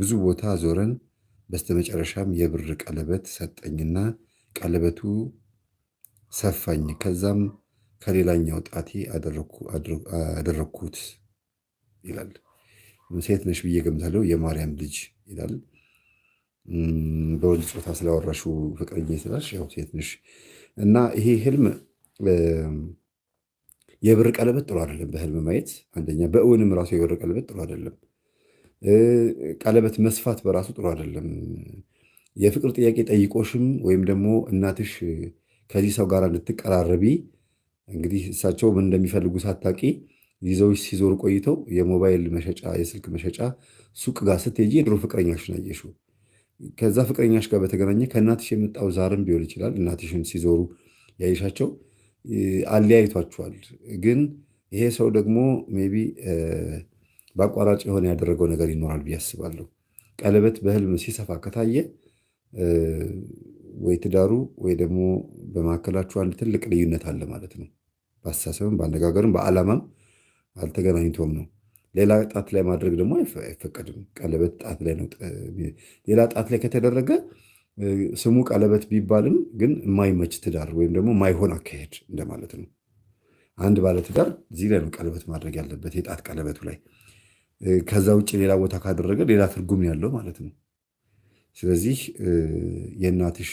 ብዙ ቦታ ዞረን በስተመጨረሻም የብር ቀለበት ሰጠኝና ቀለበቱ ሰፋኝ። ከዛም ከሌላኛው ጣቴ አደረግኩት ይላል። ሴት ነሽ ብዬ ገምታለሁ። የማርያም ልጅ ይላል። በወንድ ጾታ ስላወራሹ ፍቅረኛ ስላልሽ ያው ሴት ነሽ እና ይሄ ህልም የብር ቀለበት ጥሩ አይደለም። በህልም ማየት አንደኛ፣ በእውንም ራሱ የብር ቀለበት ጥሩ አይደለም። ቀለበት መስፋት በራሱ ጥሩ አይደለም። የፍቅር ጥያቄ ጠይቆሽም ወይም ደግሞ እናትሽ ከዚህ ሰው ጋር እንድትቀራረቢ እንግዲህ እሳቸው ምን እንደሚፈልጉ ሳታቂ ይዘውሽ ሲዞር ቆይተው የሞባይል መሸጫ የስልክ መሸጫ ሱቅ ጋር ስትሄጂ የድሮ ፍቅረኛሽ አየሽው። ከዛ ፍቅረኛሽ ጋር በተገናኘ ከእናትሽ የመጣው ዛርም ቢሆን ይችላል። እናትሽን ሲዞሩ ያየሻቸው አለያይቷችኋል። ግን ይሄ ሰው ደግሞ ሜይ ቢ በአቋራጭ የሆነ ያደረገው ነገር ይኖራል ብዬ አስባለሁ። ቀለበት በህልም ሲሰፋ ከታየ ወይ ትዳሩ ወይ ደግሞ በመካከላችሁ አንድ ትልቅ ልዩነት አለ ማለት ነው። በአስተሳሰብም በአነጋገርም በዓላማም አልተገናኝቶም ነው። ሌላ ጣት ላይ ማድረግ ደግሞ አይፈቀድም። ቀለበት ጣት ላይ ነው። ሌላ ጣት ላይ ከተደረገ ስሙ ቀለበት ቢባልም ግን የማይመች ትዳር ወይም ደግሞ የማይሆን አካሄድ እንደማለት ነው። አንድ ባለትዳር እዚህ ላይ ነው ቀለበት ማድረግ ያለበት የጣት ቀለበቱ ላይ ከዛ ውጭ ሌላ ቦታ ካደረገ ሌላ ትርጉም ያለው ማለት ነው። ስለዚህ የእናትሽ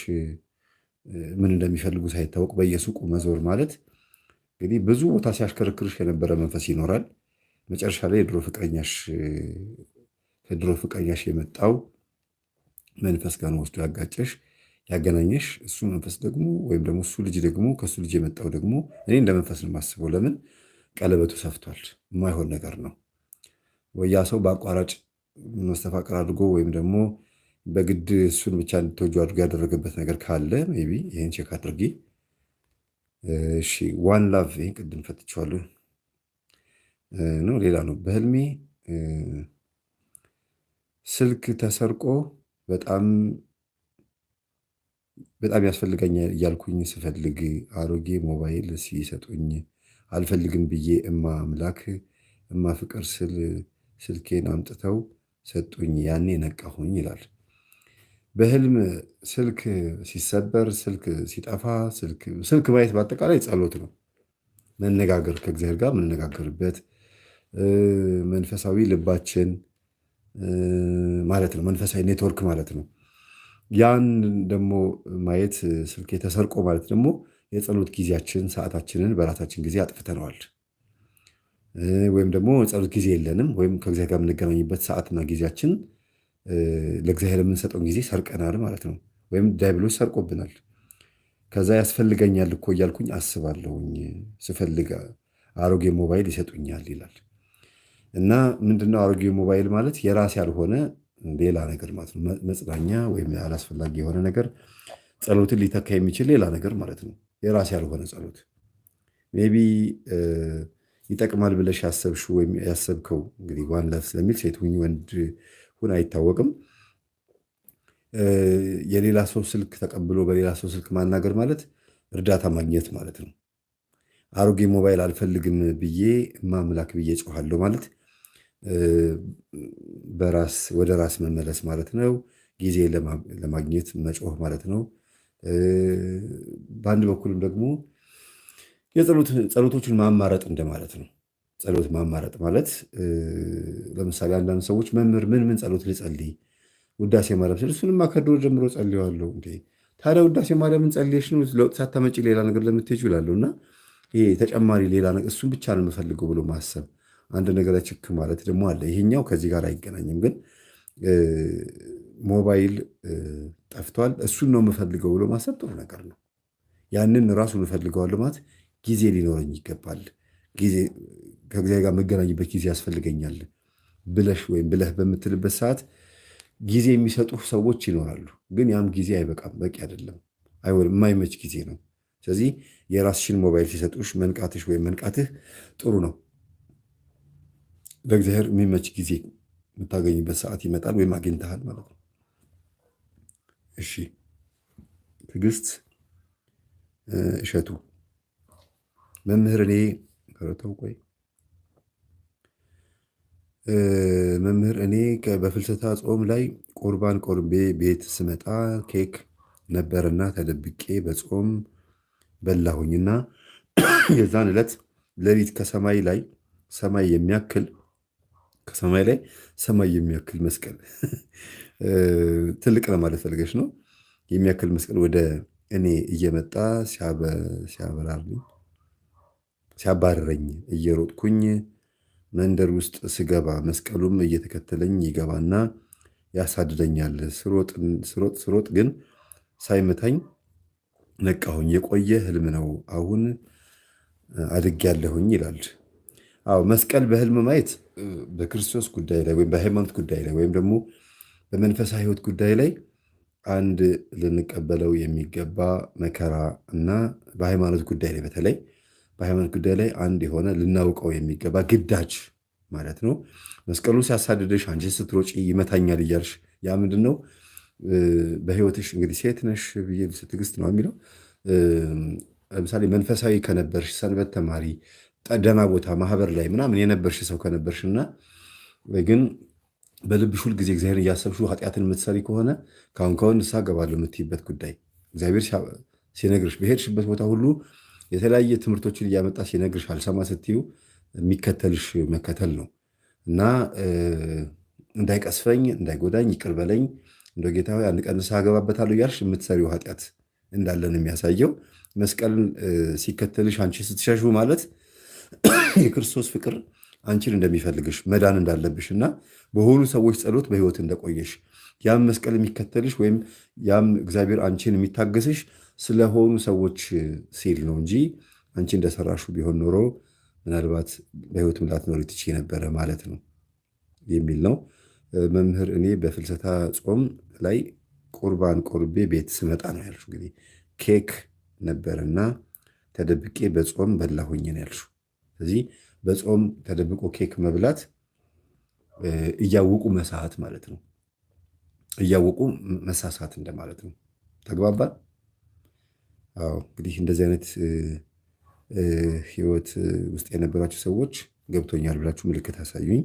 ምን እንደሚፈልጉ ሳይታወቅ በየሱቁ መዞር ማለት እንግዲህ ብዙ ቦታ ሲያሽከረክርሽ የነበረ መንፈስ ይኖራል። መጨረሻ ላይ የድሮ ፍቅረኛሽ ከድሮ ፍቅረኛሽ የመጣው መንፈስ ጋር ወስዶ ያጋጨሽ ያገናኘሽ እሱ መንፈስ ደግሞ ወይም ደግሞ እሱ ልጅ ደግሞ ከእሱ ልጅ የመጣው ደግሞ እኔ እንደ መንፈስ ነው የማስበው። ለምን ቀለበቱ ሰፍቷል። የማይሆን ነገር ነው። ወያ ሰው በአቋራጭ መስተፋቅር አድርጎ ወይም ደግሞ በግድ እሱን ብቻ እንድትወጁ አድርጎ ያደረገበት ነገር ካለ ሜይ ቢ ይህን ቼክ አድርጊ። እሺ ዋን ላቭ ይህን ቅድም ፈትቼዋለሁ ነው። ሌላ ነው። በህልሜ ስልክ ተሰርቆ በጣም በጣም ያስፈልጋኛል እያልኩኝ ስፈልግ አሮጌ ሞባይል ሲሰጡኝ አልፈልግም ብዬ እማ አምላክ እማ ፍቅር ስል ስልኬን አምጥተው ሰጡኝ ያኔ ነቃሁኝ ይላል። በህልም ስልክ ሲሰበር፣ ስልክ ሲጠፋ፣ ስልክ ማየት በአጠቃላይ ጸሎት ነው። መነጋገር ከእግዚአብሔር ጋር የምንነጋገርበት መንፈሳዊ ልባችን ማለት ነው። መንፈሳዊ ኔትወርክ ማለት ነው። ያን ደግሞ ማየት ስልክ የተሰርቆ ማለት ደግሞ የጸሎት ጊዜያችን ሰዓታችንን በራሳችን ጊዜ አጥፍተነዋል። ወይም ደግሞ የጸሎት ጊዜ የለንም ወይም ከእግዚአብሔር ጋር የምንገናኝበት ሰዓትና ጊዜያችን ለእግዚአብሔር የምንሰጠውን ጊዜ ሰርቀናል ማለት ነው። ወይም ዲያብሎስ ሰርቆብናል። ከዛ ያስፈልገኛል እኮ እያልኩኝ አስባለሁኝ ስፈልግ አሮጌ ሞባይል ይሰጡኛል ይላል እና ምንድነው አሮጌ ሞባይል ማለት የራስ ያልሆነ ሌላ ነገር ማለት ነው። መጽናኛ ወይም አላስፈላጊ የሆነ ነገር ጸሎትን ሊተካ የሚችል ሌላ ነገር ማለት ነው። የራስ ያልሆነ ጸሎት ሜይ ቢ ይጠቅማል ብለሽ ያሰብሽ ወይም ያሰብከው እንግዲህ ዋን ስለሚል ሴት ሁኝ ወንድ ሁን አይታወቅም። የሌላ ሰው ስልክ ተቀብሎ በሌላ ሰው ስልክ ማናገር ማለት እርዳታ ማግኘት ማለት ነው። አሮጌ ሞባይል አልፈልግም ብዬ ማምላክ ብዬ ጮኋለሁ ማለት በራስ ወደ ራስ መመለስ ማለት ነው። ጊዜ ለማግኘት መጮህ ማለት ነው። በአንድ በኩልም ደግሞ የጸሎት ጸሎቶችን ማማረጥ እንደማለት ነው። ጸሎት ማማረጥ ማለት ለምሳሌ አንዳንድ ሰዎች መምህር ምን ምን ጸሎት ልጸልይ ውዳሴ ማርያም ስል እሱንማ ከድሮ ጀምሮ ጸልየዋለሁ እንዴ ታዲያ ውዳሴ ማርያምን ጸልየሽ ነው ለውጥ ሳታመጪ ሌላ ነገር ለምትሄጂ ይላሉ። እና ይሄ ተጨማሪ ሌላ ነገር እሱን ብቻ ነው የምፈልገው ብሎ ማሰብ አንድ ነገር ችክ ማለት ደግሞ አለ። ይሄኛው ከዚህ ጋር አይገናኝም፣ ግን ሞባይል ጠፍቷል እሱን ነው የምፈልገው ብሎ ማሰብ ጥሩ ነገር ነው። ያንን ራሱ እንፈልገዋለሁ ማለት ጊዜ ሊኖረኝ ይገባል፣ ጊዜ ከጊዜ ጋር መገናኝበት ጊዜ ያስፈልገኛል ብለሽ ወይም ብለህ በምትልበት ሰዓት ጊዜ የሚሰጡ ሰዎች ይኖራሉ። ግን ያም ጊዜ አይበቃም፣ በቂ አይደለም፣ አይሆንም፣ የማይመች ጊዜ ነው። ስለዚህ የራስሽን ሞባይል ሲሰጡሽ መንቃትሽ ወይም መንቃትህ ጥሩ ነው። ለእግዚአብሔር የሚመች ጊዜ የምታገኝበት ሰዓት ይመጣል ወይም አግኝተሃል ማለት ነው። እሺ ትዕግስት እሸቱ መምህር እኔ ከረተው ቆይ መምህር እኔ በፍልሰታ ጾም ላይ ቁርባን ቆርቤ ቤት ስመጣ ኬክ ነበርና ተደብቄ በጾም በላሁኝና የዛን ዕለት ሌሊት ከሰማይ ላይ ሰማይ የሚያክል ከሰማይ ላይ ሰማይ የሚያክል መስቀል ትልቅ ለማለት ፈልገች ነው። የሚያክል መስቀል ወደ እኔ እየመጣ ሲያበራልኝ ሲያባርረኝ እየሮጥኩኝ መንደር ውስጥ ስገባ መስቀሉም እየተከተለኝ ይገባና ያሳድደኛል። ስሮጥ ስሮጥ ግን ሳይመታኝ ነቃሁኝ። የቆየ ህልም ነው፣ አሁን አድጌያለሁኝ ይላል። አዎ መስቀል በህልም ማየት በክርስቶስ ጉዳይ ላይ ወይም በሃይማኖት ጉዳይ ላይ ወይም ደግሞ በመንፈሳዊ ህይወት ጉዳይ ላይ አንድ ልንቀበለው የሚገባ መከራ እና በሃይማኖት ጉዳይ ላይ በተለይ በሃይማኖት ጉዳይ ላይ አንድ የሆነ ልናውቀው የሚገባ ግዳጅ ማለት ነው። መስቀሉ ሲያሳድደሽ አንቺ ስትሮጪ ይመታኛል እያልሽ ያ ምንድን ነው? በህይወትሽ እንግዲህ ሴት ነሽ ብዬ ትዕግስት ነው የሚለው ለምሳሌ መንፈሳዊ ከነበርሽ ሰንበት ተማሪ፣ ደህና ቦታ፣ ማህበር ላይ ምናምን የነበርሽ ሰው ከነበርሽ እና ግን በልብሽ ጊዜ እግዚአብሔር እያሰብሽ ኃጢአትን የምትሰሪ ከሆነ ካሁን ካሁን ንስሐ እገባለሁ የምትይበት ጉዳይ እግዚአብሔር ሲነግርሽ በሄድሽበት ቦታ ሁሉ የተለያየ ትምህርቶችን እያመጣ ሲነግርሽ አልሰማ ስትዩ የሚከተልሽ መከተል ነው እና እንዳይቀስፈኝ እንዳይጎዳኝ ይቅር በለኝ እንደ ጌታ አንድ ቀን ንስሐ እገባበታለሁ እያልሽ የምትሰሪው ኃጢአት እንዳለን የሚያሳየው መስቀልን ሲከተልሽ አንቺ ስትሸሹ ማለት የክርስቶስ ፍቅር አንቺን እንደሚፈልግሽ መዳን እንዳለብሽ እና በሆኑ ሰዎች ጸሎት በህይወት እንደቆየሽ ያም መስቀል የሚከተልሽ ወይም ያም እግዚአብሔር አንቺን የሚታገስሽ ስለሆኑ ሰዎች ሲል ነው እንጂ አንቺ እንደሰራሹ ቢሆን ኖሮ ምናልባት በሕይወትም ላትኖሪ ትችይ ነበረ ማለት ነው የሚል ነው። መምህር እኔ በፍልሰታ ጾም ላይ ቁርባን ቆርቤ ቤት ስመጣ ነው ያልሽው። እንግዲህ ኬክ ነበርና ተደብቄ በጾም በላሁኝ ነው ያልሽው። ስለዚህ በጾም ተደብቆ ኬክ መብላት እያወቁ መሳት ማለት ነው። እያወቁ መሳሳት እንደማለት ነው። ተግባባል። አዎ እንግዲህ እንደዚህ አይነት ህይወት ውስጥ የነበራቸው ሰዎች ገብቶኛል ብላችሁ ምልክት አሳዩኝ።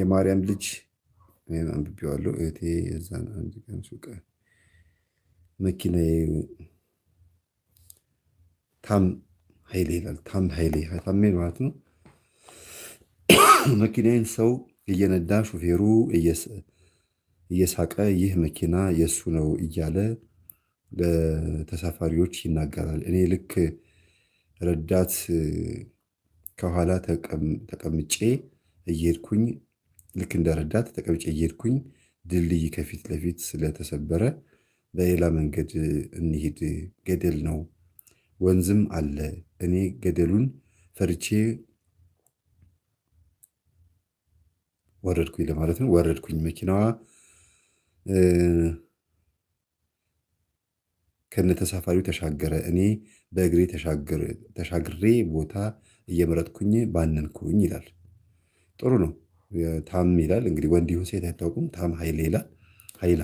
የማርያም ልጅ አንብቤዋለሁ። እህቴ የዛን አንድ ቀን ሱቅ መኪናዬ ታም ሀይሌ ይላል። ታም ሀይሌ ታሜ ማለት ነው። መኪናዬን ሰው እየነዳ ሹፌሩ እየሳቀ ይህ መኪና የእሱ ነው እያለ ለተሳፋሪዎች ይናገራል። እኔ ልክ ረዳት ከኋላ ተቀምጬ እየሄድኩኝ ልክ እንደ ረዳት ተቀምጬ እየሄድኩኝ ድልድይ ከፊት ለፊት ስለተሰበረ በሌላ መንገድ እንሄድ ገደል ነው ወንዝም አለ። እኔ ገደሉን ፈርቼ ወረድኩኝ ለማለት ነው። ወረድኩኝ መኪናዋ ከነተሳፋሪው ተሻገረ። እኔ በእግሬ ተሻግሬ ቦታ እየመረጥኩኝ ባነንኩኝ ይላል። ጥሩ ነው። ታም ይላል እንግዲህ ወንድ ይሁን ሴት አይታወቁም። ታም ኃይሌ ይላል። ኃይላ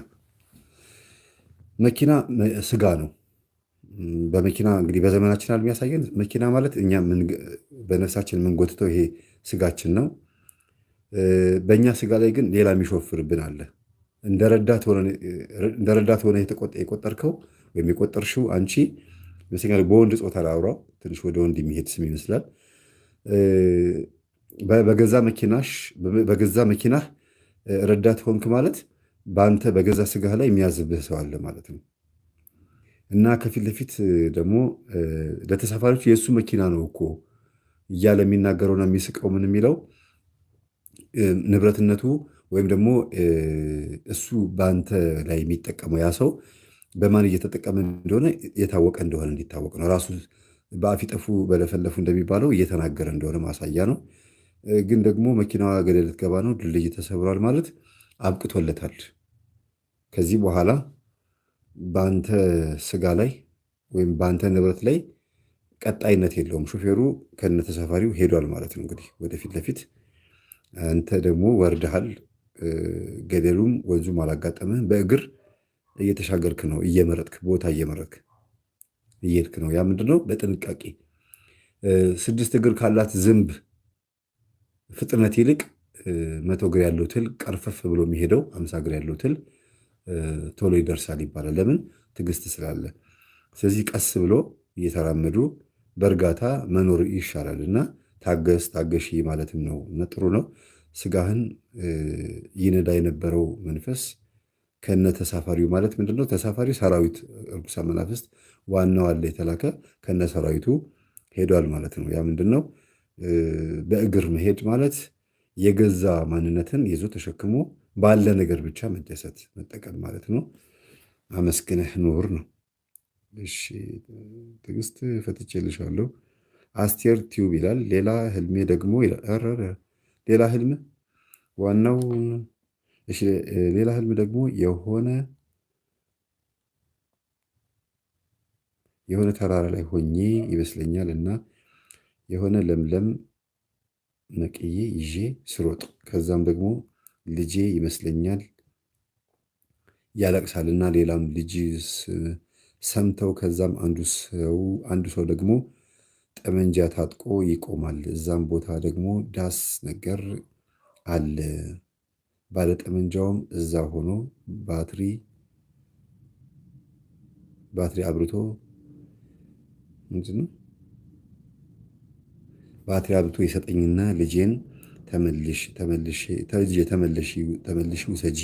መኪና ስጋ ነው። በመኪና እንግዲህ በዘመናችን አለ የሚያሳየን መኪና ማለት እኛ በነፍሳችን የምንጎትተው ይሄ ስጋችን ነው። በእኛ ስጋ ላይ ግን ሌላ የሚሾፍርብን አለ። እንደ ረዳት ሆነ የቆጠርከው ወይም የቆጠርሽው አንቺ ይመስለኛል። በወንድ ጾታ ላውራው ትንሽ ወደ ወንድ የሚሄድ ስም ይመስላል። በገዛ መኪናሽ በገዛ መኪናህ ረዳት ሆንክ ማለት በአንተ በገዛ ስጋህ ላይ የሚያዝብህ ሰው አለ ማለት ነው። እና ከፊት ለፊት ደግሞ ለተሳፋሪዎች የእሱ መኪና ነው እኮ እያለ የሚናገረውና የሚስቀው ምን የሚለው ንብረትነቱ ወይም ደግሞ እሱ በአንተ ላይ የሚጠቀመው ያ ሰው በማን እየተጠቀመ እንደሆነ የታወቀ እንደሆነ እንዲታወቅ ነው። ራሱ በአፊጠፉ በለፈለፉ እንደሚባለው እየተናገረ እንደሆነ ማሳያ ነው። ግን ደግሞ መኪናዋ ገደል ልትገባ ነው፣ ድልድይ ተሰብሯል ማለት አብቅቶለታል። ከዚህ በኋላ በአንተ ስጋ ላይ ወይም በአንተ ንብረት ላይ ቀጣይነት የለውም። ሹፌሩ ከነተሳፋሪው ሄዷል ማለት ነው። እንግዲህ ወደፊት ለፊት አንተ ደግሞ ወርደሃል። ገደሉም ወንዙም አላጋጠምህም። በእግር እየተሻገርክ ነው፣ እየመረጥክ ቦታ እየመረጥክ እየሄድክ ነው። ያ ምንድነው? በጥንቃቄ ስድስት እግር ካላት ዝንብ ፍጥነት ይልቅ መቶ እግር ያለው ትል ቀርፈፍ ብሎ የሚሄደው አምሳ እግር ያለው ትል ቶሎ ይደርሳል ይባላል። ለምን? ትዕግስት ስላለ። ስለዚህ ቀስ ብሎ እየተራመዱ በእርጋታ መኖር ይሻላል እና ታገስ ታገሽ ማለትም ነው እና ጥሩ ነው። ስጋህን ይነዳ የነበረው መንፈስ ከነ ተሳፋሪው ማለት ምንድን ነው? ተሳፋሪው ሰራዊት እርኩሳን መናፍስት ዋናው አለ የተላከ ከነ ሰራዊቱ ሄዷል ማለት ነው። ያ ምንድን ነው? በእግር መሄድ ማለት የገዛ ማንነትን ይዞ ተሸክሞ ባለ ነገር ብቻ መደሰት መጠቀም ማለት ነው። አመስግነህ ኑር ነው። እሺ ትዕግስት ፈትቼልሻለሁ። አስቴር ቲዩብ ይላል። ሌላ ህልሜ ደግሞ ሌላ ህልም ዋናው ሌላ ህልም ደግሞ የሆነ የሆነ ተራራ ላይ ሆኜ ይመስለኛል እና የሆነ ለምለም ነቅዬ ይዤ ስሮጥ ከዛም ደግሞ ልጄ ይመስለኛል ያለቅሳል እና ሌላም ልጅ ሰምተው ከዛም አንዱ ሰው አንዱ ሰው ደግሞ ጠመንጃ ታጥቆ ይቆማል። እዛም ቦታ ደግሞ ዳስ ነገር አለ። ባለጠመንጃውም እዛ ሆኖ ባትሪ ባትሪ አብርቶ ምንድን ባትሪ አብርቶ የሰጠኝና ልጄን ተመልሽ ተመልሽ ተመልሽ ውሰጂ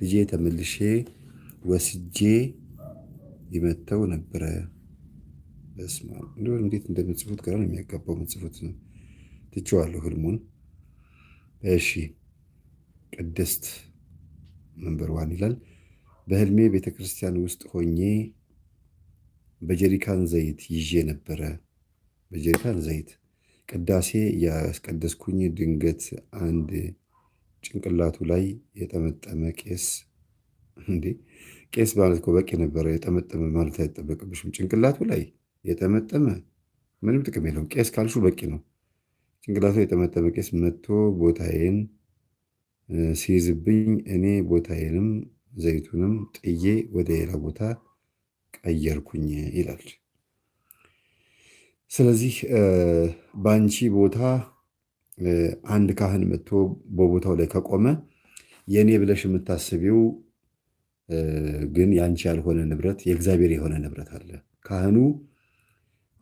ልጄ ተመልሼ ወስጄ ይመተው ነበረ። በስማ እንደሆነ እንዴት እንደምጽፉት ግራ ነው የሚያጋባው። ምጽፉት ትችዋለሁ ህልሙን። እሺ ቅድስት መንበር ዋን ይላል። በህልሜ ቤተ ክርስቲያን ውስጥ ሆኜ በጀሪካን ዘይት ይዤ ነበረ። በጀሪካን ዘይት ቅዳሴ ያስቀደስኩኝ፣ ድንገት አንድ ጭንቅላቱ ላይ የጠመጠመ ቄስ እንዴ ቄስ ማለት እኮ በቂ ነበረ። የጠመጠመ ማለት አይጠበቅብሽም ጭንቅላቱ ላይ የጠመጠመ ምንም ጥቅም የለውም። ቄስ ካልሹ በቂ ነው። ጭንቅላቱ የጠመጠመ ቄስ መጥቶ ቦታዬን ሲይዝብኝ እኔ ቦታዬንም ዘይቱንም ጥዬ ወደ ሌላ ቦታ ቀየርኩኝ ይላል። ስለዚህ በአንቺ ቦታ አንድ ካህን መጥቶ በቦታው ላይ ከቆመ የእኔ ብለሽ የምታስቢው ግን የአንቺ ያልሆነ ንብረት የእግዚአብሔር የሆነ ንብረት አለ። ካህኑ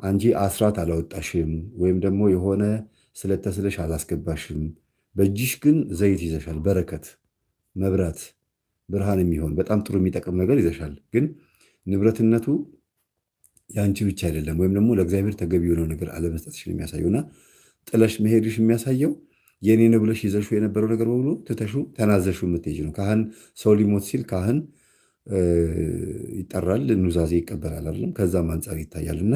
አንቺ አስራት አላወጣሽም ወይም ደግሞ የሆነ ስለተስለሽ አላስገባሽም፣ በእጅሽ ግን ዘይት ይዘሻል። በረከት፣ መብራት፣ ብርሃን የሚሆን በጣም ጥሩ የሚጠቅም ነገር ይዘሻል። ግን ንብረትነቱ የአንቺ ብቻ አይደለም፣ ወይም ደግሞ ለእግዚአብሔር ተገቢ የሆነው ነገር አለመስጠትሽ የሚያሳየውና ጥለሽ መሄድሽ የሚያሳየው የእኔ ነው ብለሽ ይዘሹ የነበረው ነገር በሙሉ ትተሹ ተናዘሹ የምትሄጂ ነው። ካህን ሰው ሊሞት ሲል ካህን ይጠራል፣ ኑዛዜ ይቀበላል አይደለም? ከዛም አንጻር ይታያል እና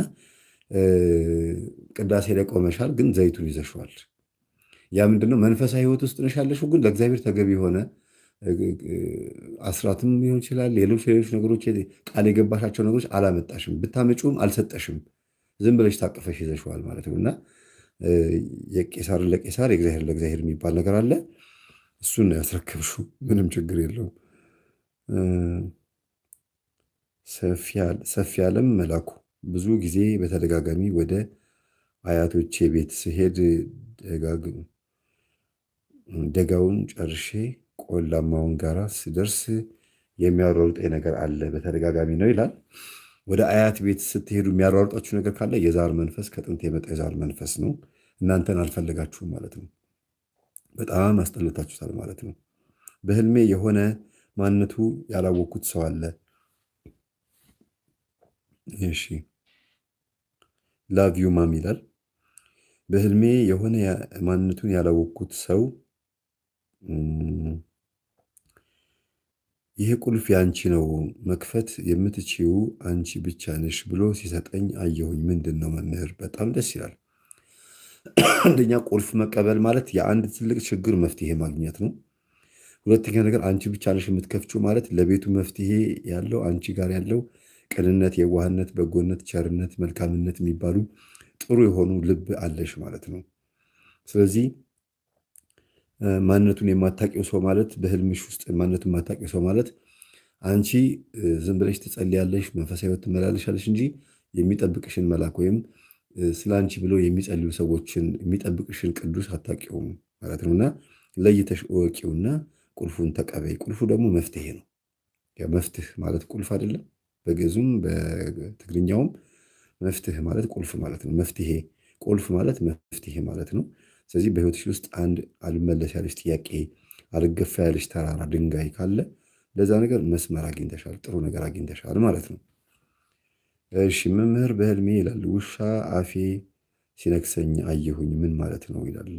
ቅዳሴ ላይ ቆመሻል፣ ግን ዘይቱን ይዘሸዋል። ያ ምንድነው? መንፈሳዊ ህይወት ውስጥ ነሽ ያለሽው፣ ግን ለእግዚአብሔር ተገቢ የሆነ አስራትም ሊሆን ይችላል፣ ሌሎች ሌሎች ነገሮች፣ ቃል የገባሻቸው ነገሮች አላመጣሽም፣ ብታመጪውም አልሰጠሽም። ዝም ብለሽ ታቅፈሽ ይዘሸዋል ማለት ነው እና የቄሳርን ለቄሳር የእግዚአብሔር ለእግዚአብሔር የሚባል ነገር አለ። እሱን ያስረክብሽው፣ ምንም ችግር የለውም። ሰፊ ዓለም መላኩ ብዙ ጊዜ በተደጋጋሚ ወደ አያቶቼ ቤት ስሄድ ደጋውን ጨርሼ ቆላማውን ጋራ ስደርስ የሚያሯሩጠኝ ነገር አለ በተደጋጋሚ ነው ይላል። ወደ አያት ቤት ስትሄዱ የሚያሯሩጣችሁ ነገር ካለ የዛር መንፈስ ከጥንት የመጣ የዛር መንፈስ ነው። እናንተን አልፈለጋችሁም ማለት ነው። በጣም አስጠልታችሁታል ማለት ነው። በህልሜ የሆነ ማንነቱ ያላወቅኩት ሰው አለ። እሺ ዩ ማም ይላል። በህልሜ የሆነ ማንነቱን ያላወቅኩት ሰው ይሄ ቁልፍ የአንቺ ነው፣ መክፈት የምትችው አንቺ ብቻ ነሽ ብሎ ሲሰጠኝ አየሁኝ። ምንድን ነው መምህር? በጣም ደስ ይላል። አንደኛ ቁልፍ መቀበል ማለት የአንድ ትልቅ ችግር መፍትሄ ማግኘት ነው። ሁለተኛ ነገር አንቺ ብቻ ነሽ የምትከፍችው ማለት ለቤቱ መፍትሄ ያለው አንቺ ጋር ያለው ቅንነት፣ የዋህነት፣ በጎነት፣ ቸርነት፣ መልካምነት የሚባሉ ጥሩ የሆኑ ልብ አለሽ ማለት ነው። ስለዚህ ማንነቱን የማታውቂው ሰው ማለት በህልምሽ ውስጥ ማንነቱን የማታውቂው ሰው ማለት አንቺ ዝም ብለሽ ትጸልያለሽ፣ መንፈሳዊ ህይወት ትመላለሻለሽ እንጂ የሚጠብቅሽን መልአክ ወይም ስለ አንቺ ብሎ የሚጸልዩ ሰዎችን የሚጠብቅሽን ቅዱስ አታውቂውም ማለት ነው። እና ለይተሽ እወቂውና ቁልፉን ተቀበይ። ቁልፉ ደግሞ መፍትሄ ነው። መፍትህ ማለት ቁልፍ አይደለም። በግዕዙም በትግርኛውም መፍትህ ማለት ቁልፍ ማለት ነው። መፍትሄ ቁልፍ ማለት መፍትሄ ማለት ነው። ስለዚህ በህይወትሽ ውስጥ አንድ አልመለስ ያለች ጥያቄ፣ አልገፋ ያለች ተራራ ድንጋይ ካለ ለዛ ነገር መስመር አግኝተሻል፣ ጥሩ ነገር አግኝተሻል ማለት ነው። እሺ መምህር በህልሜ ይላል ውሻ አፌ ሲነክሰኝ አየሁኝ። ምን ማለት ነው ይላል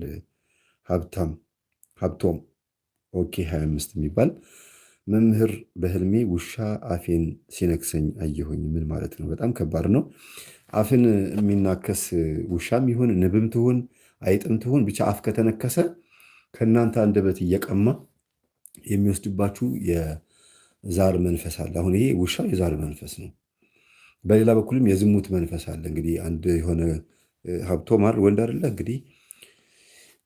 ሀብታም ሀብቶም ኦኬ 25 የሚባል መምህር በህልሜ ውሻ አፌን ሲነክሰኝ አየሁኝ። ምን ማለት ነው? በጣም ከባድ ነው። አፍን የሚናከስ ውሻም ይሁን ንብም ትሁን አይጥም ትሁን ብቻ አፍ ከተነከሰ ከእናንተ አንደበት እየቀማ የሚወስድባችሁ የዛር መንፈስ አለ። አሁን ይሄ ውሻ የዛር መንፈስ ነው። በሌላ በኩልም የዝሙት መንፈስ አለ። እንግዲህ አንድ የሆነ ሀብቶማር ወንድ አይደለ እንግዲህ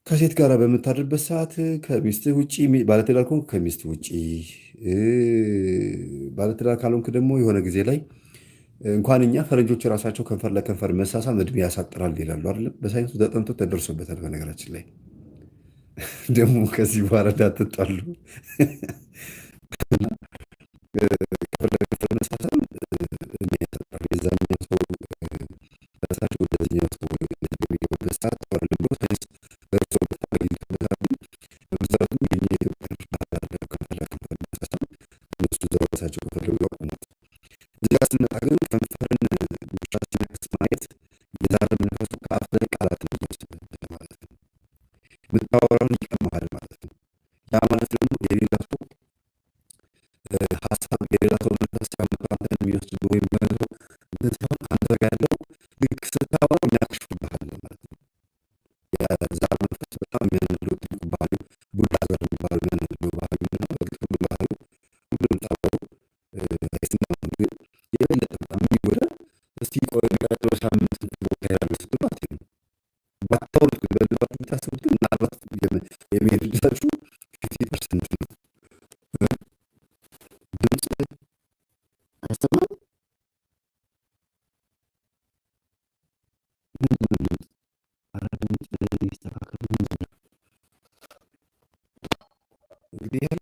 ከሴት ጋር በምታድርበት ሰዓት ከሚስት ውጭ ባለትዳር ከሆንክ ከሚስት ውጭ፣ ባለትዳር ካልሆንክ ደግሞ የሆነ ጊዜ ላይ እንኳን እኛ ፈረንጆች ራሳቸው ከንፈር ለከንፈር መሳሳም እድሜ ያሳጥራል ይላሉ። አይደለም በሳይንሱ ተጠንቶ ተደርሶበታል። በነገራችን ላይ ደግሞ ከዚህ በኋላ እንዳትጣሉ ከንፈር ለከንፈር መሳሳም እድሜ ያሳጥራል። የዛኛው ሰው ራሳቸው ወደዚኛው ሰው ሰዓት